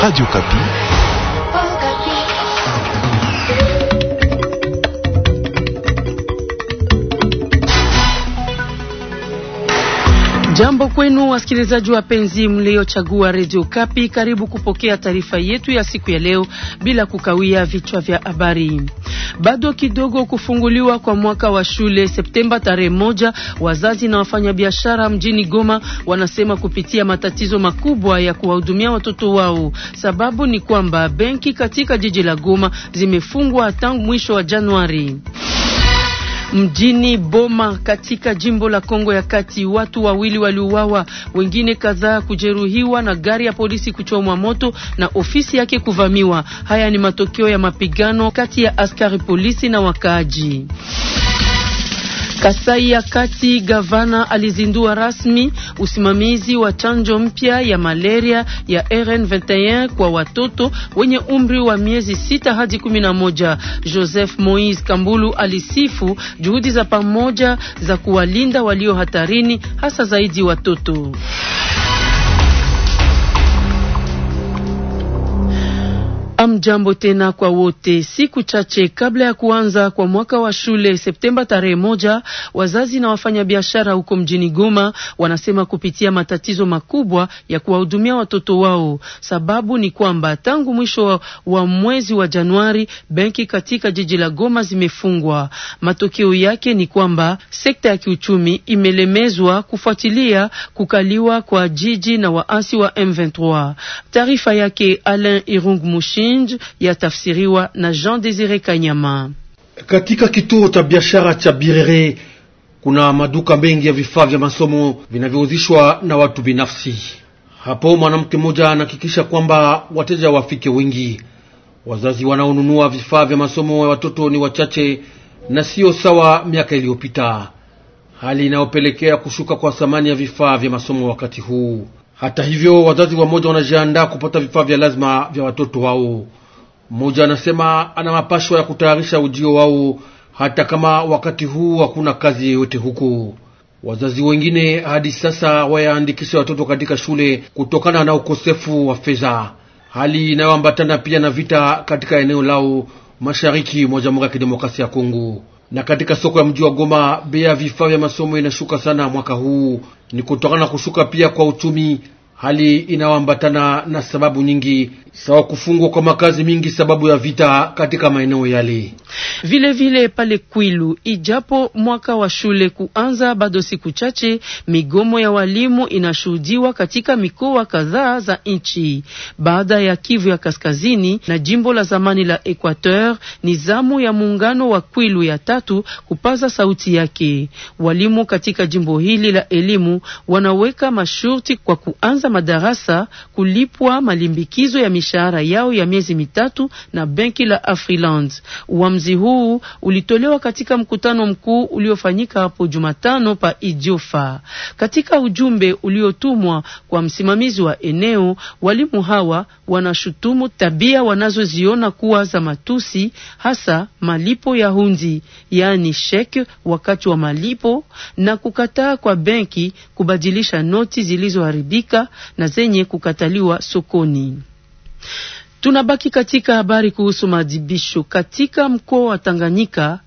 Radio Kapi. Jambo kwenu wasikilizaji wapenzi mliochagua Radio Kapi, karibu kupokea taarifa yetu ya siku ya leo bila kukawia vichwa vya habari. Bado kidogo kufunguliwa kwa mwaka wa shule Septemba tarehe moja, wazazi na wafanyabiashara mjini Goma wanasema kupitia matatizo makubwa ya kuwahudumia watoto wao. Sababu ni kwamba benki katika jiji la Goma zimefungwa tangu mwisho wa Januari. Mjini Boma katika jimbo la Kongo ya Kati, watu wawili waliuawa, wengine kadhaa kujeruhiwa na gari ya polisi kuchomwa moto na ofisi yake kuvamiwa. Haya ni matokeo ya mapigano kati ya askari polisi na wakaaji. Kasai ya Kati, gavana alizindua rasmi usimamizi wa chanjo mpya ya malaria ya RN21 kwa watoto wenye umri wa miezi sita hadi kumi na moja. Joseph Moise Kambulu alisifu juhudi za pamoja za kuwalinda walio hatarini, hasa zaidi watoto. Amjambo tena kwa wote. Siku chache kabla ya kuanza kwa mwaka wa shule Septemba tarehe moja, wazazi na wafanyabiashara huko mjini Goma wanasema kupitia matatizo makubwa ya kuwahudumia watoto wao. Sababu ni kwamba tangu mwisho wa mwezi wa Januari benki katika jiji la Goma zimefungwa. Matokeo yake ni kwamba sekta ya kiuchumi imelemezwa kufuatilia kukaliwa kwa jiji na waasi wa M23. Taarifa yake Alain Irung Mushin Change yatafsiriwa na Jean Desire Kanyama. Katika kituo cha biashara cha Birere kuna maduka mengi ya vifaa vya masomo vinavyouzishwa na watu binafsi. Hapo mwanamke mmoja anahakikisha kwamba wateja wafike wengi. Wazazi wanaonunua vifaa vya masomo ya watoto ni wachache na sio sawa miaka iliyopita, hali inayopelekea kushuka kwa thamani ya vifaa vya masomo wakati huu. Hata hivyo wazazi wamoja wanajiandaa kupata vifaa vya lazima vya watoto wao. Mmoja anasema ana mapashwa ya kutayarisha ujio wao, hata kama wakati huu hakuna kazi yoyote huku. Wazazi wengine hadi sasa wayaandikisha watoto katika shule kutokana na ukosefu wa fedha, hali inayoambatana pia na vita katika eneo lao mashariki mwa Jamhuri ya Kidemokrasia ya Kongo. Na katika soko ya mji wa Goma, bei ya vifaa vya masomo inashuka sana mwaka huu ni kutokana na kushuka pia kwa uchumi hali inayoambatana na sababu nyingi sawa kufungwa kwa makazi mingi sababu ya vita katika maeneo yale. Vile vile pale Kwilu, ijapo mwaka wa shule kuanza bado siku chache, migomo ya walimu inashuhudiwa katika mikoa kadhaa za nchi. Baada ya Kivu ya Kaskazini na jimbo la zamani la Equateur, ni zamu ya muungano wa Kwilu ya tatu kupaza sauti yake. Walimu katika jimbo hili la elimu wanaweka masharti kwa kuanza kuanza madarasa kulipwa malimbikizo ya mishahara yao ya miezi mitatu na benki la Afriland. Uamuzi huu ulitolewa katika mkutano mkuu uliofanyika hapo Jumatano pa Idiofa. Katika ujumbe uliotumwa kwa msimamizi wa eneo, walimu hawa wanashutumu tabia wanazoziona kuwa za matusi, hasa malipo ya hundi, yaani sheke wakati wa malipo na kukataa kwa benki kubadilisha noti zilizoharibika na zenye kukataliwa sokoni. Tunabaki katika habari kuhusu maadhibisho katika mkoa wa Tanganyika.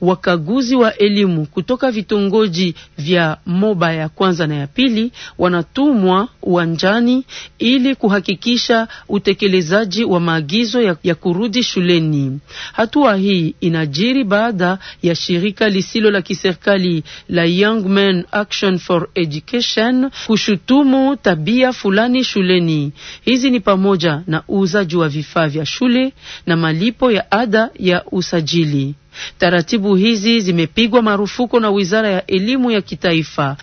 Wakaguzi wa elimu kutoka vitongoji vya Moba ya kwanza na ya pili wanatumwa uwanjani ili kuhakikisha utekelezaji wa maagizo ya, ya kurudi shuleni. Hatua hii inajiri baada ya shirika lisilo la kiserikali la Young Men Action for Education kushutumu tabia fulani shuleni. Hizi ni pamoja na uuzaji wa vifaa vya shule na malipo ya ada ya usajili. Taratibu hizi zimepigwa marufuku na Wizara ya Elimu ya Kitaifa.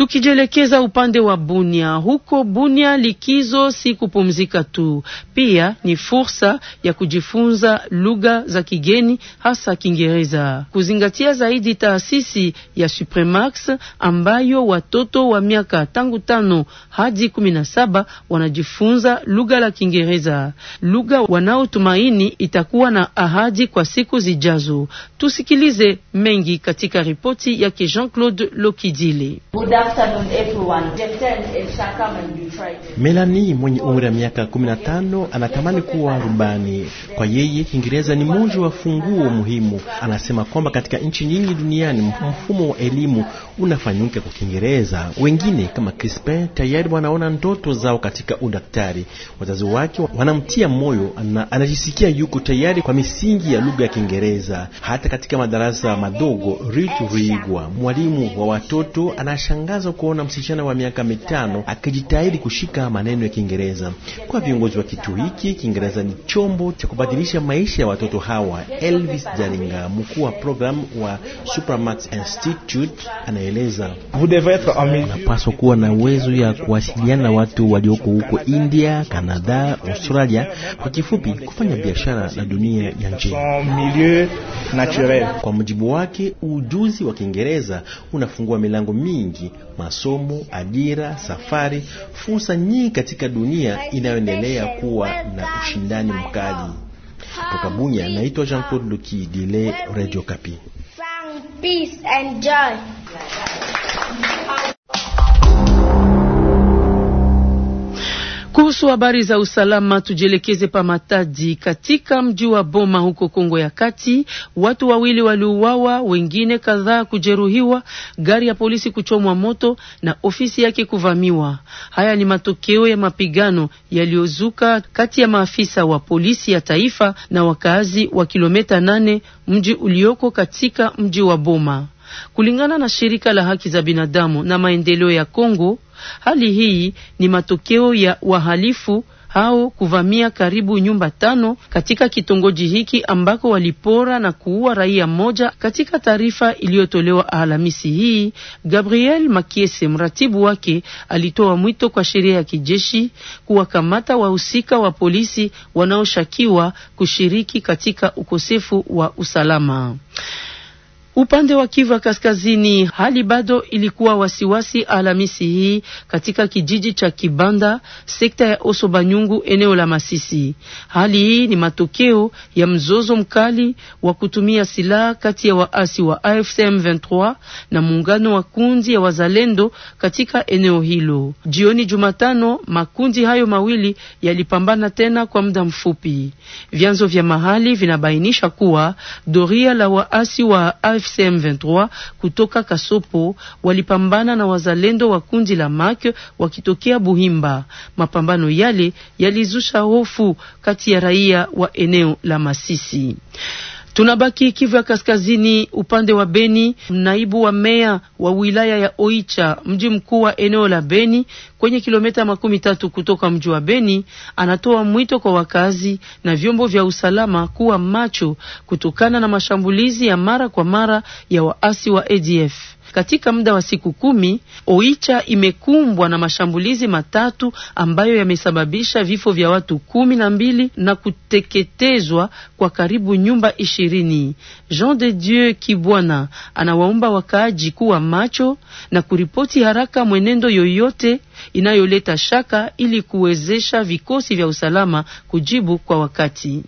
Tukijielekeza upande wa Bunia, huko Bunia likizo si kupumzika tu, pia ni fursa ya kujifunza lugha za kigeni, hasa Kiingereza, kuzingatia zaidi taasisi ya Supremax ambayo watoto wa miaka tangu tano hadi kumi na saba wanajifunza lugha la Kiingereza, lugha wanaotumaini itakuwa na ahadi kwa siku zijazo. Tusikilize mengi katika ripoti yake Jean-Claude Lokidile melani mwenye umri wa miaka 15 anatamani kuwa rubani. Kwa yeye Kiingereza ni moja wa funguo muhimu. Anasema kwamba katika nchi nyingi duniani mfumo wa elimu unafanyika kwa Kiingereza. Wengine kama Crispin tayari wanaona ndoto zao katika udaktari. Wazazi wake wanamtia moyo na anajisikia yuko tayari kwa misingi ya lugha ya Kiingereza. Hata katika madarasa madogo, Ruth Ruigwa, mwalimu wa watoto, anashangaa inashangaza kuona msichana wa miaka mitano akijitahidi kushika maneno ya Kiingereza. Kwa viongozi wa kituo hiki, Kiingereza ni chombo cha kubadilisha maisha ya watoto hawa. Elvis Jaringa, mkuu wa programu wa Supermax Institute, anaeleza unapaswa kuwa na uwezo ya kuwasiliana na watu walioko huko India, Canada, Australia, kwa kifupi kufanya biashara na dunia ya nje. Kwa mujibu wake, ujuzi wa Kiingereza unafungua milango mingi masomo, ajira, safari, fursa nyingi katika dunia inayoendelea kuwa na ushindani mkali. Toka Bunya, naitwa Jean-Claude Luki Dile, Radio Kapi. Kuhusu habari za usalama, tujielekeze pa Matadi katika mji wa Boma huko Kongo ya Kati. Watu wawili waliuawa, wengine kadhaa kujeruhiwa, gari ya polisi kuchomwa moto na ofisi yake kuvamiwa. Haya ni matokeo ya mapigano yaliyozuka kati ya maafisa wa polisi ya taifa na wakaazi wa kilometa nane mji ulioko katika mji wa Boma. Kulingana na shirika la haki za binadamu na maendeleo ya Kongo, hali hii ni matokeo ya wahalifu hao kuvamia karibu nyumba tano katika kitongoji hiki ambako walipora na kuua raia mmoja. Katika taarifa iliyotolewa Alhamisi hii, Gabriel Makiese, mratibu wake, alitoa mwito kwa sheria ya kijeshi kuwakamata wahusika wa polisi wanaoshakiwa kushiriki katika ukosefu wa usalama. Upande wa Kivu Kaskazini, hali bado ilikuwa wasiwasi Alhamisi hii katika kijiji cha Kibanda, sekta ya Osobanyungu, eneo la Masisi. Hali hii ni matokeo ya mzozo mkali wa kutumia silaha kati ya waasi wa AFC M23 na muungano wa kundi ya wazalendo katika eneo hilo. Jioni Jumatano, makundi hayo mawili yalipambana tena kwa muda mfupi. Vyanzo vya mahali vinabainisha kuwa doria la waasi wa AFC AFC M23 kutoka Kasopo walipambana na wazalendo wa kundi la MAK wakitokea Buhimba. Mapambano yale yalizusha hofu kati ya raia wa eneo la Masisi. Tunabaki Kivu ya Kaskazini, upande wa Beni. Naibu wa meya wa wilaya ya Oicha, mji mkuu wa eneo la Beni, kwenye kilomita makumi tatu kutoka mji wa Beni, anatoa mwito kwa wakazi na vyombo vya usalama kuwa macho kutokana na mashambulizi ya mara kwa mara ya waasi wa ADF. Katika muda wa siku kumi, Oicha imekumbwa na mashambulizi matatu ambayo yamesababisha vifo vya watu kumi na mbili na kuteketezwa kwa karibu nyumba ishirini. Jean de Dieu Kibwana anawaomba wakaaji kuwa macho na kuripoti haraka mwenendo yoyote inayoleta shaka ili kuwezesha vikosi vya usalama kujibu kwa wakati.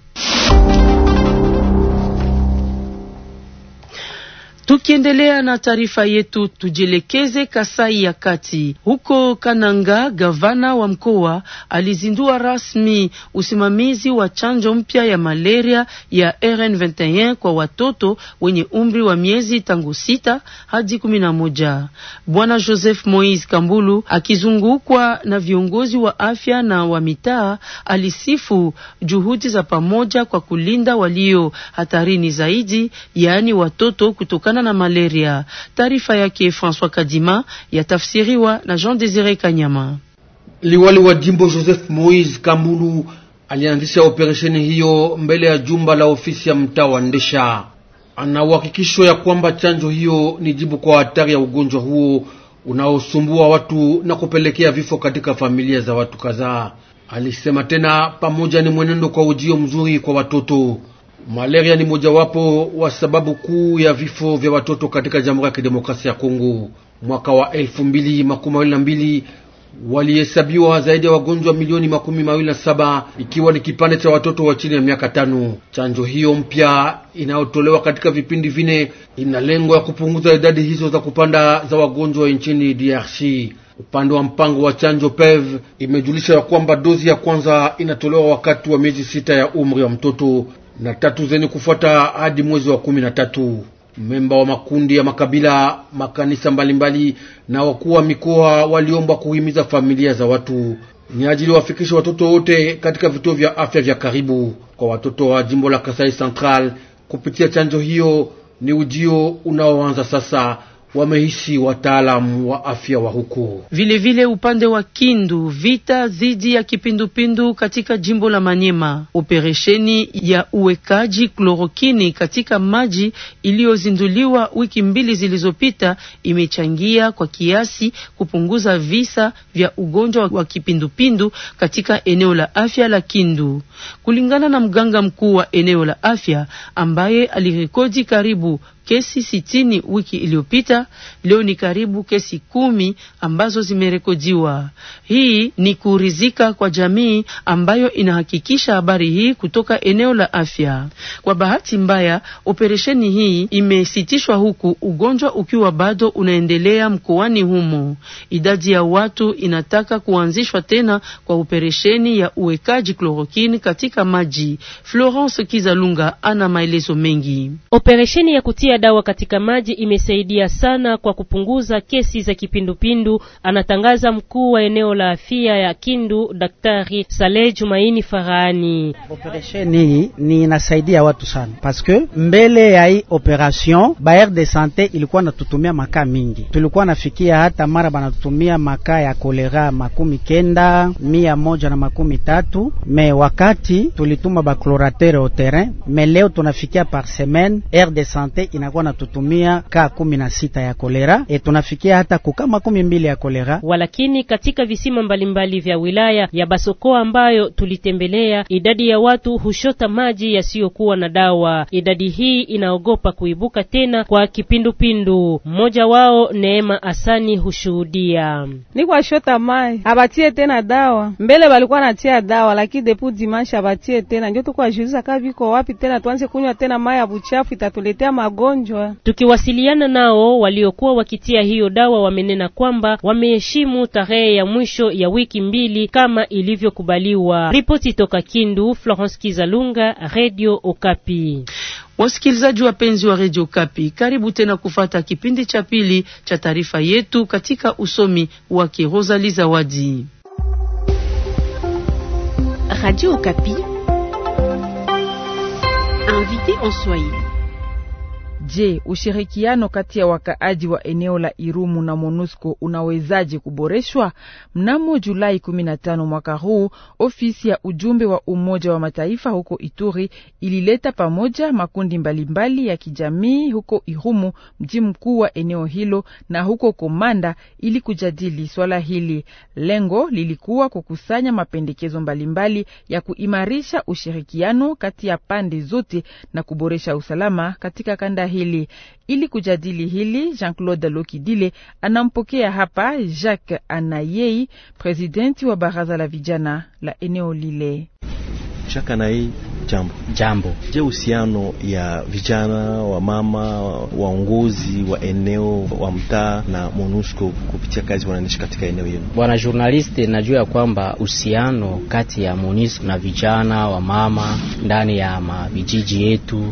Tukiendelea na taarifa yetu, tujielekeze Kasai ya Kati. Huko Kananga, gavana wa mkoa alizindua rasmi usimamizi wa chanjo mpya ya malaria ya RN21 kwa watoto wenye umri wa miezi tangu sita hadi kumi na moja. Bwana Joseph Moise Kambulu akizungukwa na viongozi wa afya na wa mitaa alisifu juhudi za pamoja kwa kulinda walio hatarini zaidi, yaani watoto kutoka kutokana na malaria. Taarifa yake François Kadima yatafsiriwa na Jean Desire Kanyama. Liwali wa jimbo Joseph Moise Kambulu alianzisha operesheni hiyo mbele ya jumba la ofisi ya mtaa wa Ndesha. Ana uhakikisho ya kwamba chanjo hiyo ni jibu kwa hatari ya ugonjwa huo unaosumbua watu na kupelekea vifo katika familia za watu kadhaa. Alisema tena pamoja ni mwenendo kwa ujio mzuri kwa watoto. Malaria ni mojawapo wa sababu kuu ya vifo vya watoto katika Jamhuri ya Kidemokrasia ya Kongo. Mwaka wa elfu mbili makumi mawili na mbili walihesabiwa zaidi ya wagonjwa milioni makumi mawili na saba ikiwa ni kipande cha watoto wa chini ya miaka tano. Chanjo hiyo mpya inayotolewa katika vipindi vine ina lengo ya kupunguza idadi hizo za kupanda za wagonjwa nchini DRC. Upande wa mpango wa chanjo PEV imejulisha ya kwamba dozi ya kwanza inatolewa wakati wa miezi sita ya umri wa mtoto na tatu zenye kufuata hadi mwezi wa kumi na tatu. Memba wa makundi ya makabila, makanisa mbalimbali na wakuu wa mikoa waliomba kuhimiza familia za watu ni ajili wafikishe watoto wote katika vituo vya afya vya karibu. Kwa watoto wa jimbo la Kasai Central kupitia chanjo hiyo ni ujio unaoanza sasa wamehisi wataalamu wa afya wa huku. Vilevile upande wa Kindu, vita dhidi ya kipindupindu katika jimbo la Manyema, operesheni ya uwekaji klorokini katika maji iliyozinduliwa wiki mbili zilizopita imechangia kwa kiasi kupunguza visa vya ugonjwa wa kipindupindu katika eneo la afya la Kindu, kulingana na mganga mkuu wa eneo la afya ambaye alirekodi karibu kesi sitini wiki iliyopita. Leo ni karibu kesi kumi ambazo zimerekodiwa. Hii ni kuridhika kwa jamii ambayo inahakikisha habari hii kutoka eneo la afya. Kwa bahati mbaya, operesheni hii imesitishwa huku ugonjwa ukiwa bado unaendelea mkoani humo. Idadi ya watu inataka kuanzishwa tena kwa operesheni ya uwekaji klorokini katika maji. Florence Kizalunga ana maelezo mengi. Operesheni ya kutia dawa katika maji imesaidia sana kwa kupunguza kesi za kipindupindu, anatangaza mkuu wa eneo la afya ya Kindu, Daktari Saleh Jumaini Farani. Operation hii ni inasaidia watu sana paske mbele ya hii operation bayer de sante ilikuwa natutumia makaa mingi, tulikuwa nafikia hata mara banatutumia makaa ya kolera makumi kenda mia moja na makumi tatu me wakati tulituma bakloratere au terrain, me leo tunafikia par semaine air de sante kinakuwa natutumia kaa kumi na sita ya kolera e, tunafikia hata kukama kumi mbili ya kolera. Walakini katika visima mbalimbali vya wilaya ya Basoko ambayo tulitembelea, idadi ya watu hushota maji yasiyokuwa na dawa. Idadi hii inaogopa kuibuka tena kwa kipindupindu. Mmoja wao Neema Asani hushuhudia ni kwa shota mai abatie tena dawa. Mbele balikuwa natia dawa, lakini depu dimanche abatie tena, ndio tuko ajuliza kaviko wapi tena, tuanze kunywa tena mai ya buchafu, itatuletea magonjwa mgonjwa. Tukiwasiliana nao waliokuwa wakitia hiyo dawa, wamenena kwamba wameheshimu tarehe ya mwisho ya wiki mbili kama ilivyokubaliwa. Ripoti toka Kindu, Florence Kizalunga, Radio Okapi. Wasikilizaji wapenzi wa Radio Kapi, karibu tena kufata kipindi cha pili cha taarifa yetu katika usomi wake Kirozali Zawadi. Radio Kapi. Invité en Swahili. Je, ushirikiano kati ya wakaaji wa eneo la Irumu na MONUSCO unawezaje kuboreshwa? Mnamo Julai 15 mwaka huu, ofisi ya ujumbe wa Umoja wa Mataifa huko Ituri ilileta pamoja makundi mbalimbali ya kijamii huko Irumu, mji mkuu wa eneo hilo, na huko Komanda ili kujadili swala hili. Lengo lilikuwa kukusanya mapendekezo mbalimbali ya kuimarisha ushirikiano kati ya pande zote na kuboresha usalama katika kanda hii hili. Ili kujadili hili, Jean-Claude Lokidile anampokea hapa Jacques Anayei, presidenti wa baraza la vijana la eneo lile. Jacques Anayei Jambo. Jambo. Je, uhusiano ya vijana wa mama waongozi wa eneo wa mtaa na MONUSCO kupitia kazi wanaendesha katika eneo hilo? Bwana journaliste, najua ya kwamba uhusiano kati ya MONUSCO na vijana wa mama ndani ya mavijiji yetu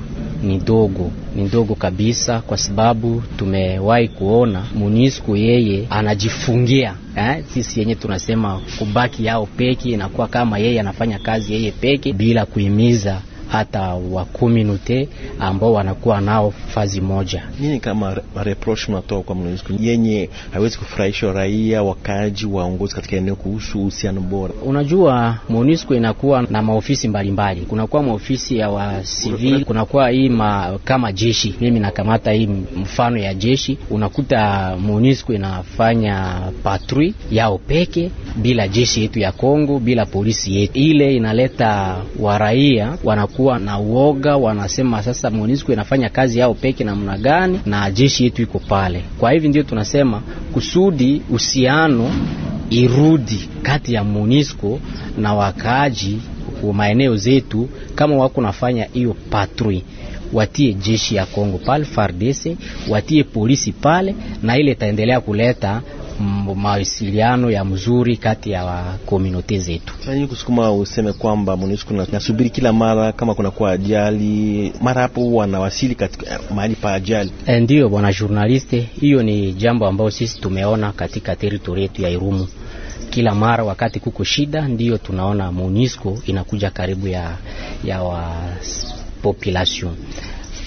ni dogo, ni ndogo kabisa, kwa sababu tumewahi kuona MONUSCO yeye anajifungia eh, sisi yenye tunasema kubaki yao peki, inakuwa kama yeye anafanya kazi yeye peki bila kuhimiza hata wa community ambao wanakuwa nao fazi moja. Nini kama reproche mnatoa kwa MONUSCO yenye haiwezi kufurahisha raia, wakaaji, waongozi katika eneo kuhusu uhusiano bora? Unajua, MONUSCO inakuwa na maofisi mbalimbali, kunakuwa maofisi ya wa civil, kunakuwa hii ma, kama jeshi. Mimi nakamata hii mfano ya jeshi, unakuta MONUSCO inafanya patrui yao peke bila jeshi yetu ya Kongo, bila polisi yetu. Ile inaleta waraia wanakuwa wanakuwa na uoga, wanasema sasa MONUSCO inafanya kazi yao peke namna gani na jeshi yetu iko pale. Kwa hivi ndio tunasema kusudi uhusiano irudi kati ya MONUSCO na wakaaji wa maeneo zetu, kama wako nafanya hiyo patrui watie jeshi ya Kongo pale, FARDC watie polisi pale, na ile itaendelea kuleta mawasiliano ya mzuri kati ya komunote zetu. Sasa kusukuma useme kwamba MONUSCO nasubiri kila mara kama kwa ajali, mara hapo wanawasili katika eh, mahali pa ajali. Eh, ndiyo bwana journaliste, hiyo ni jambo ambayo sisi tumeona katika teritori yetu ya Irumu kila mara wakati kuko shida ndiyo tunaona MONUSCO inakuja karibu ya, ya wa population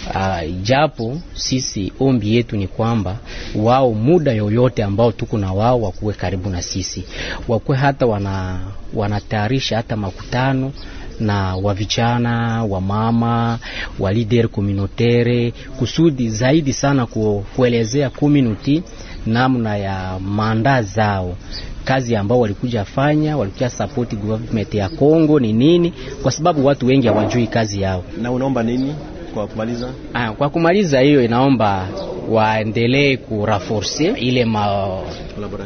Uh, ah, japo sisi ombi yetu ni kwamba wao muda yoyote ambao tuko na wao wakuwe karibu na sisi, wakuwe hata wana wanatayarisha hata makutano na wavichana wamama wa mama wa communautaire kusudi zaidi sana kuelezea community namna ya manda zao kazi ambao walikuja fanya, walikuja support government ya Kongo ni nini, kwa sababu watu wengi hawajui kazi yao. Na unaomba nini? Kwa kumaliza, ah, kwa kumaliza hiyo inaomba waendelee kuraforce ile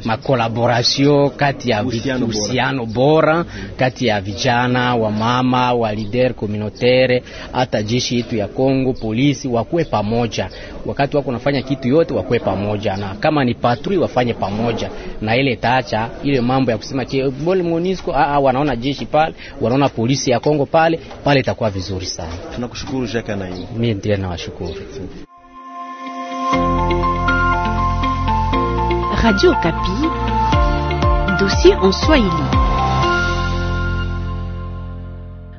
makolaboration ma kati ya uhusiano bora, bora mm-hmm. kati ya vijana wa mama wa lider communautaire hata jeshi yetu ya Kongo polisi wakuwe pamoja, wakati wako nafanya kitu yote wakuwe pamoja, na kama ni patrui wafanye pamoja, na ile taacha ile mambo ya kusema ke bol Monisco a ah, a ah, wanaona jeshi pale wanaona polisi ya Kongo pale pale, itakuwa vizuri sana. Tunakushukuru Jacques Anai wazazi, mimi ndiye nawashukuru. Radio Kapi, dossier en Swahili.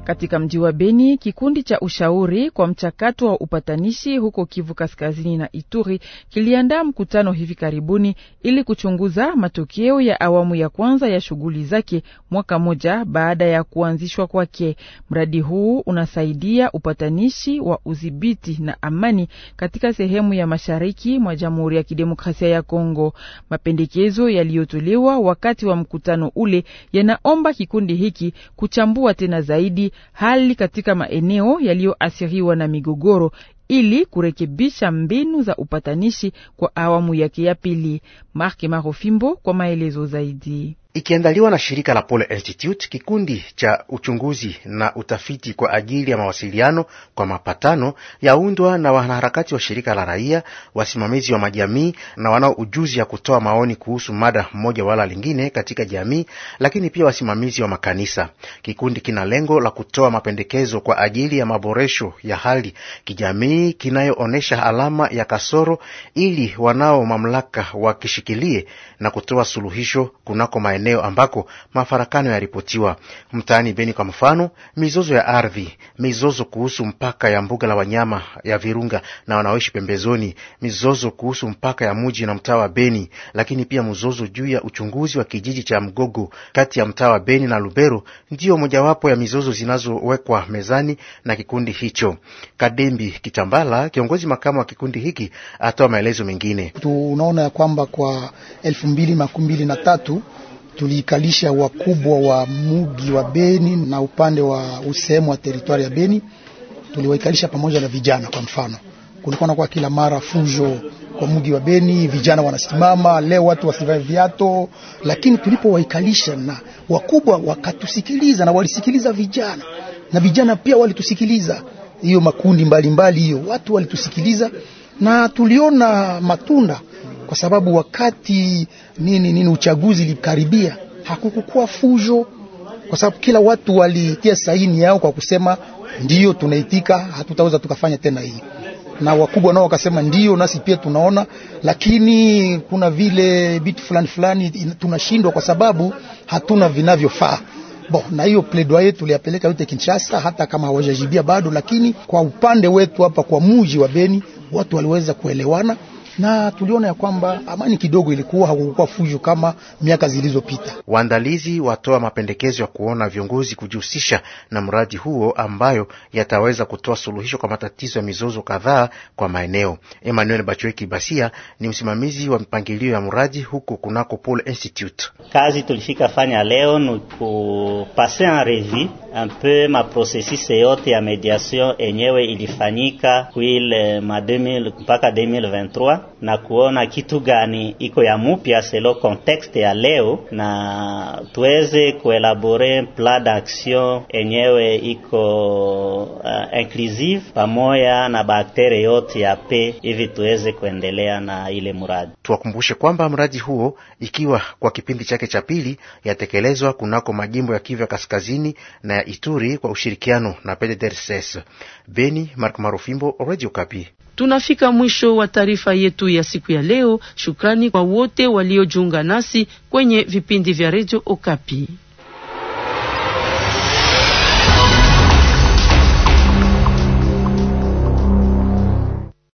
Katika mji wa Beni, kikundi cha ushauri kwa mchakato wa upatanishi huko Kivu Kaskazini na Ituri kiliandaa mkutano hivi karibuni ili kuchunguza matokeo ya awamu ya kwanza ya shughuli zake mwaka moja baada ya kuanzishwa kwake. Mradi huu unasaidia upatanishi wa udhibiti na amani katika sehemu ya mashariki mwa Jamhuri ya Kidemokrasia ya Kongo. Mapendekezo yaliyotolewa wakati wa mkutano ule yanaomba kikundi hiki kuchambua tena zaidi hali katika maeneo yaliyoathiriwa na migogoro ili kurekebisha mbinu za upatanishi kwa awamu yake ya pili. Mark Marofimbo kwa maelezo zaidi ikiandaliwa na shirika la Pole Institute, kikundi cha uchunguzi na utafiti kwa ajili ya mawasiliano kwa mapatano, yaundwa na wanaharakati wa shirika la raia, wasimamizi wa majamii na wanao ujuzi ya kutoa maoni kuhusu mada mmoja wala lingine katika jamii, lakini pia wasimamizi wa makanisa. Kikundi kina lengo la kutoa mapendekezo kwa ajili ya maboresho ya hali kijamii kinayoonyesha alama ya kasoro, ili wanao mamlaka wakishikilie na kutoa suluhisho kunako maeneo maeneo ambako mafarakano yaripotiwa mtaani Beni. Kwa mfano, mizozo ya ardhi, mizozo kuhusu mpaka ya mbuga la wanyama ya Virunga na wanaoishi pembezoni, mizozo kuhusu mpaka ya muji na mtaa wa Beni, lakini pia mzozo juu ya uchunguzi wa kijiji cha Mgogo kati ya mtaa wa Beni na Lubero ndiyo mojawapo ya mizozo zinazowekwa mezani na kikundi hicho. Kadembi Kitambala, kiongozi makamu wa kikundi hiki, atoa maelezo mengine. Tunaona ya kwamba kwa elfu mbili makumi mbili na tatu tuliikalisha wakubwa wa mugi wa Beni na upande wa usehemu wa teritwari ya Beni, tuliwaikalisha pamoja na vijana. Kwa mfano, kulikuwa nakuwa kila mara fujo kwa mugi wa Beni, vijana wanasimama leo, watu wasivae viato, lakini tulipowaikalisha na wakubwa wakatusikiliza, na walisikiliza vijana na vijana pia walitusikiliza, hiyo makundi mbalimbali, hiyo mbali, watu walitusikiliza na tuliona matunda kwa sababu wakati nini nini uchaguzi ilikaribia, hakukukua fujo, kwa sababu kila watu walitia saini yao kwa kusema ndio tunaitika, hatutaweza tukafanya tena hii na wakubwa nao wakasema ndio, nasi pia tunaona, lakini kuna vile vitu fulani fulani tunashindwa kwa sababu hatuna vinavyofaa bo. Na hiyo pledoyer tuliyapeleka yote Kinshasa, hata kama hawajajibia bado, lakini kwa upande wetu hapa kwa muji wa Beni watu waliweza kuelewana na tuliona ya kwamba amani kidogo ilikuwa, hakukuwa fujo kama miaka zilizopita. Waandalizi watoa mapendekezo ya kuona viongozi kujihusisha na mradi huo ambayo yataweza kutoa suluhisho kwa matatizo ya mizozo kadhaa kwa maeneo. Emmanuel Bachweki Basia ni msimamizi wa mipangilio ya mradi huko kunako Pole Institute. Kazi tulifika fanya leo ni kupase en revi un peu ma processus yote ya mediation enyewe ilifanyika kuile ma 2000 mpaka 2023 na kuona kitu gani iko ya mupya selo contexte ya leo, na tuweze kuelabore plan d'action enyewe iko uh, inclusive pamoja na bakteria yote ya pe hivi tuweze kuendelea na ile mradi. Tuwakumbushe kwamba mradi huo ikiwa kwa kipindi chake cha pili yatekelezwa kunako majimbo ya Kivu Kaskazini na ya Ituri kwa ushirikiano na PDDRCS. Beni, Mark Marufimbo, Radio Kapi. Tunafika mwisho wa taarifa yetu ya siku ya leo. Shukrani kwa wote waliojiunga nasi kwenye vipindi vya Radio Okapi.